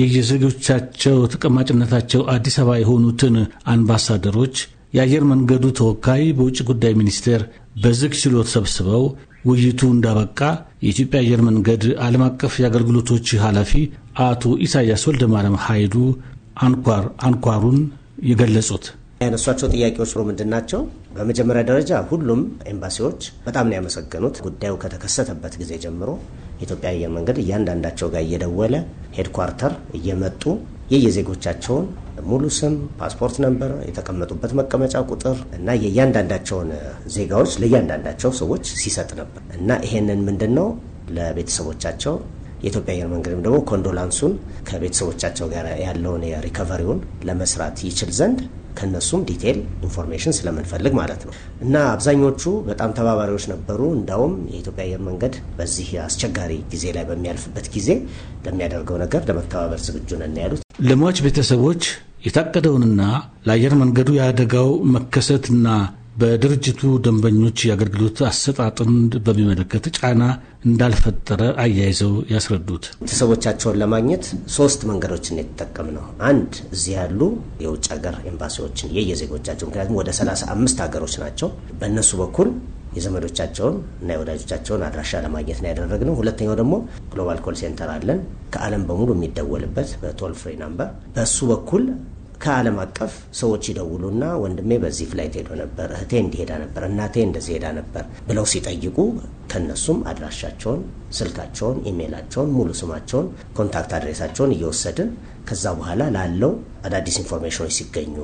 የየዜጎቻቸው ተቀማጭነታቸው አዲስ አበባ የሆኑትን አምባሳደሮች የአየር መንገዱ ተወካይ በውጭ ጉዳይ ሚኒስቴር በዝግ ችሎት ሰብስበው ውይይቱ እንዳበቃ የኢትዮጵያ አየር መንገድ ዓለም አቀፍ የአገልግሎቶች ኃላፊ አቶ ኢሳያስ ወልደማርያም ሀይዱ አንኳር አንኳሩን የገለጹት ያነሷቸው ጥያቄዎች ምንድን ናቸው? በመጀመሪያ ደረጃ ሁሉም ኤምባሲዎች በጣም ነው ያመሰገኑት። ጉዳዩ ከተከሰተበት ጊዜ ጀምሮ የኢትዮጵያ አየር መንገድ እያንዳንዳቸው ጋር እየደወለ ሄድኳርተር እየመጡ የየዜጎቻቸውን ሙሉ ስም፣ ፓስፖርት ነንበር የተቀመጡበት መቀመጫ ቁጥር እና የእያንዳንዳቸውን ዜጋዎች ለእያንዳንዳቸው ሰዎች ሲሰጥ ነበር እና ይሄንን ምንድን ነው ለቤተሰቦቻቸው የኢትዮጵያ አየር መንገድም ደግሞ ኮንዶላንሱን ከቤተሰቦቻቸው ጋር ያለውን የሪከቨሪውን ለመስራት ይችል ዘንድ ከነሱም ዲቴል ኢንፎርሜሽን ስለምንፈልግ ማለት ነው እና አብዛኞቹ በጣም ተባባሪዎች ነበሩ። እንዳውም የኢትዮጵያ አየር መንገድ በዚህ አስቸጋሪ ጊዜ ላይ በሚያልፍበት ጊዜ ለሚያደርገው ነገር ለመተባበር ዝግጁ ነን ያሉት ለሟች ቤተሰቦች የታቀደውንና ለአየር መንገዱ የአደጋው መከሰትና በድርጅቱ ደንበኞች የአገልግሎት አሰጣጥን በሚመለከት ጫና እንዳልፈጠረ አያይዘው ያስረዱት ቤተሰቦቻቸውን ለማግኘት ሶስት መንገዶችን የተጠቀም ነው። አንድ እዚህ ያሉ የውጭ ሀገር ኤምባሲዎችን የየዜጎቻቸው ምክንያቱም ወደ ሰላሳ አምስት ሀገሮች ናቸው። በእነሱ በኩል የዘመዶቻቸውን እና የወዳጆቻቸውን አድራሻ ለማግኘት ነው ያደረግነው። ሁለተኛው ደግሞ ግሎባል ኮል ሴንተር አለን ከዓለም በሙሉ የሚደወልበት በቶል ፍሪ ናምበር በሱ በኩል ከዓለም አቀፍ ሰዎች ይደውሉና ወንድሜ በዚህ ፍላይት ሄዶ ነበር፣ እህቴ እንዲሄዳ ነበር፣ እናቴ እንደዚህ ሄዳ ነበር ብለው ሲጠይቁ ከነሱም አድራሻቸውን፣ ስልካቸውን፣ ኢሜይላቸውን፣ ሙሉ ስማቸውን፣ ኮንታክት አድሬሳቸውን እየወሰድን ከዛ በኋላ ላለው አዳዲስ ኢንፎርሜሽኖች ሲገኙ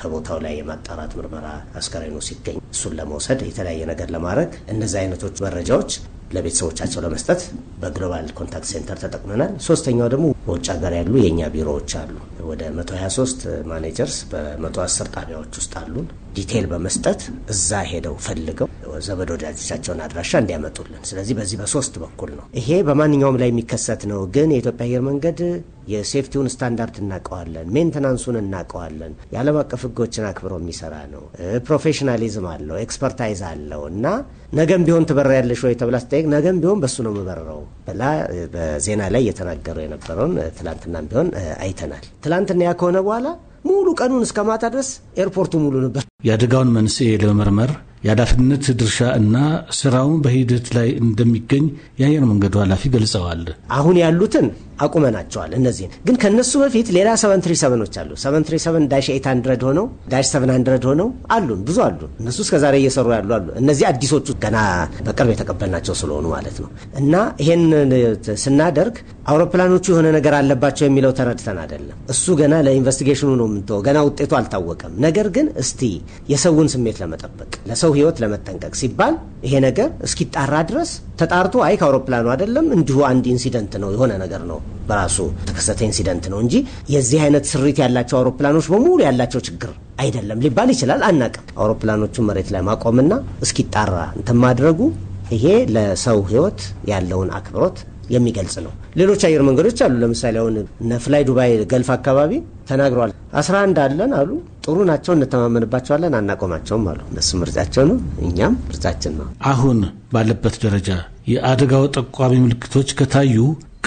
ከቦታው ላይ የማጣራት ምርመራ አስከሬኑ ሲገኝ እሱን ለመውሰድ የተለያየ ነገር ለማድረግ እነዚህ አይነቶች መረጃዎች ለቤተሰቦቻቸው ለመስጠት በግሎባል ኮንታክት ሴንተር ተጠቅመናል። ሶስተኛው ደግሞ በውጭ ሀገር ያሉ የእኛ ቢሮዎች አሉ። ወደ 123 ማኔጀርስ በ110 ጣቢያዎች ውስጥ አሉን። ዲቴይል በመስጠት እዛ ሄደው ፈልገው ዘመድ ወዳጆቻቸውን አድራሻ እንዲያመጡልን። ስለዚህ በዚህ በሶስት በኩል ነው። ይሄ በማንኛውም ላይ የሚከሰት ነው። ግን የኢትዮጵያ አየር መንገድ የሴፍቲውን ስታንዳርድ እናውቀዋለን፣ ሜንተናንሱን እናቀዋለን የዓለም አቀፍ ህጎችን አክብሮ የሚሰራ ነው። ፕሮፌሽናሊዝም አለው፣ ኤክስፐርታይዝ አለው እና ነገም ቢሆን ያለሽ ወይ ተብላ ስጠይቅ ነገም ቢሆን በሱ ነው የምበረረው ብላ በዜና ላይ እየተናገረው የነበረውን ትላንትናም ቢሆን አይተናል። ትላንትና ያ ከሆነ በኋላ ሙሉ ቀኑን እስከ ማታ ድረስ ኤርፖርቱ ሙሉ ነበር። የአደጋውን መንስኤ ለመመርመር የኃላፊነት ድርሻ እና ስራውን በሂደት ላይ እንደሚገኝ የአየር መንገዱ ኃላፊ ገልጸዋል። አሁን ያሉትን አቁመናቸዋል። እነዚህን ግን ከነሱ በፊት ሌላ 737ኖች አሉ። 737 ዳሽ 800 ሆነው ዳሽ 700 ሆነው አሉን፣ ብዙ አሉን። እነሱ እስከዛሬ እየሰሩ ያሉ አሉ። እነዚህ አዲሶቹ ገና በቅርብ የተቀበልናቸው ስለሆኑ ማለት ነው። እና ይሄን ስናደርግ አውሮፕላኖቹ የሆነ ነገር አለባቸው የሚለው ተረድተን አይደለም። እሱ ገና ለኢንቨስቲጌሽኑ ነው የምንተወው፣ ገና ውጤቱ አልታወቀም። ነገር ግን እስቲ የሰውን ስሜት ለመጠበቅ ለሰው ህይወት ለመጠንቀቅ ሲባል ይሄ ነገር እስኪጣራ ድረስ ተጣርቶ አይ ከአውሮፕላኑ አይደለም እንዲሁ አንድ ኢንሲደንት ነው የሆነ ነገር ነው በራሱ ተከሰተ ኢንሲደንት ነው እንጂ የዚህ አይነት ስሪት ያላቸው አውሮፕላኖች በሙሉ ያላቸው ችግር አይደለም ሊባል ይችላል። አናቅም። አውሮፕላኖቹን መሬት ላይ ማቆምና እስኪጣራ እንትን ማድረጉ ይሄ ለሰው ህይወት ያለውን አክብሮት የሚገልጽ ነው። ሌሎች አየር መንገዶች አሉ። ለምሳሌ አሁን ነፍላይ ዱባይ ገልፍ አካባቢ ተናግረዋል። አስራ አንድ አለን አሉ። ጥሩ ናቸው፣ እንተማመንባቸዋለን፣ አናቆማቸውም አሉ። እነሱ ምርጫቸው ነው፣ እኛም ምርጫችን ነው። አሁን ባለበት ደረጃ የአደጋው ጠቋሚ ምልክቶች ከታዩ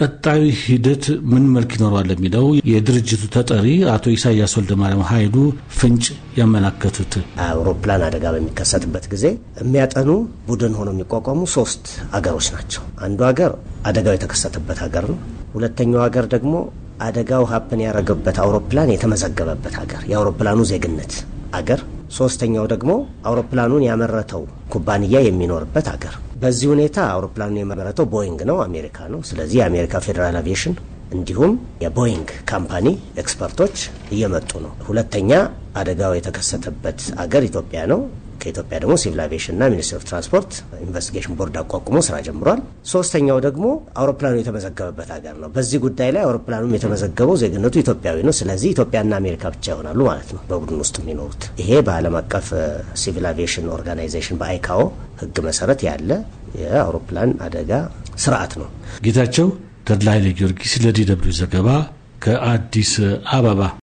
ቀጣዩ ሂደት ምን መልክ ይኖረዋል የሚለው የድርጅቱ ተጠሪ አቶ ኢሳያስ ወልደማርያም ኃይሉ ፍንጭ ያመላከቱት አውሮፕላን አደጋ በሚከሰትበት ጊዜ የሚያጠኑ ቡድን ሆኖ የሚቋቋሙ ሶስት አገሮች ናቸው። አንዱ ሀገር አደጋው የተከሰተበት ሀገር ነው። ሁለተኛው ሀገር ደግሞ አደጋው ሀፕን ያደረገበት አውሮፕላን የተመዘገበበት ሀገር የአውሮፕላኑ ዜግነት አገር፣ ሶስተኛው ደግሞ አውሮፕላኑን ያመረተው ኩባንያ የሚኖርበት አገር። በዚህ ሁኔታ አውሮፕላኑን የመረተው ቦይንግ ነው፣ አሜሪካ ነው። ስለዚህ የአሜሪካ ፌዴራል አቪዬሽን እንዲሁም የቦይንግ ካምፓኒ ኤክስፐርቶች እየመጡ ነው። ሁለተኛ አደጋው የተከሰተበት አገር ኢትዮጵያ ነው። ከኢትዮጵያ ደግሞ ሲቪል አቪዬሽንና ሚኒስትሪ ኦፍ ትራንስፖርት ኢንቨስቲጌሽን ቦርድ አቋቁሞ ስራ ጀምሯል። ሶስተኛው ደግሞ አውሮፕላኑ የተመዘገበበት ሀገር ነው። በዚህ ጉዳይ ላይ አውሮፕላኑም የተመዘገበው ዜግነቱ ኢትዮጵያዊ ነው። ስለዚህ ኢትዮጵያና አሜሪካ ብቻ ይሆናሉ ማለት ነው በቡድን ውስጥ የሚኖሩት። ይሄ በዓለም አቀፍ ሲቪል አቪዬሽን ኦርጋናይዜሽን በአይካኦ ህግ መሰረት ያለ የአውሮፕላን አደጋ ስርዓት ነው። ጌታቸው ተድላ ኃይለ ጊዮርጊስ ለዲ ደብልዩ ዘገባ ከአዲስ አበባ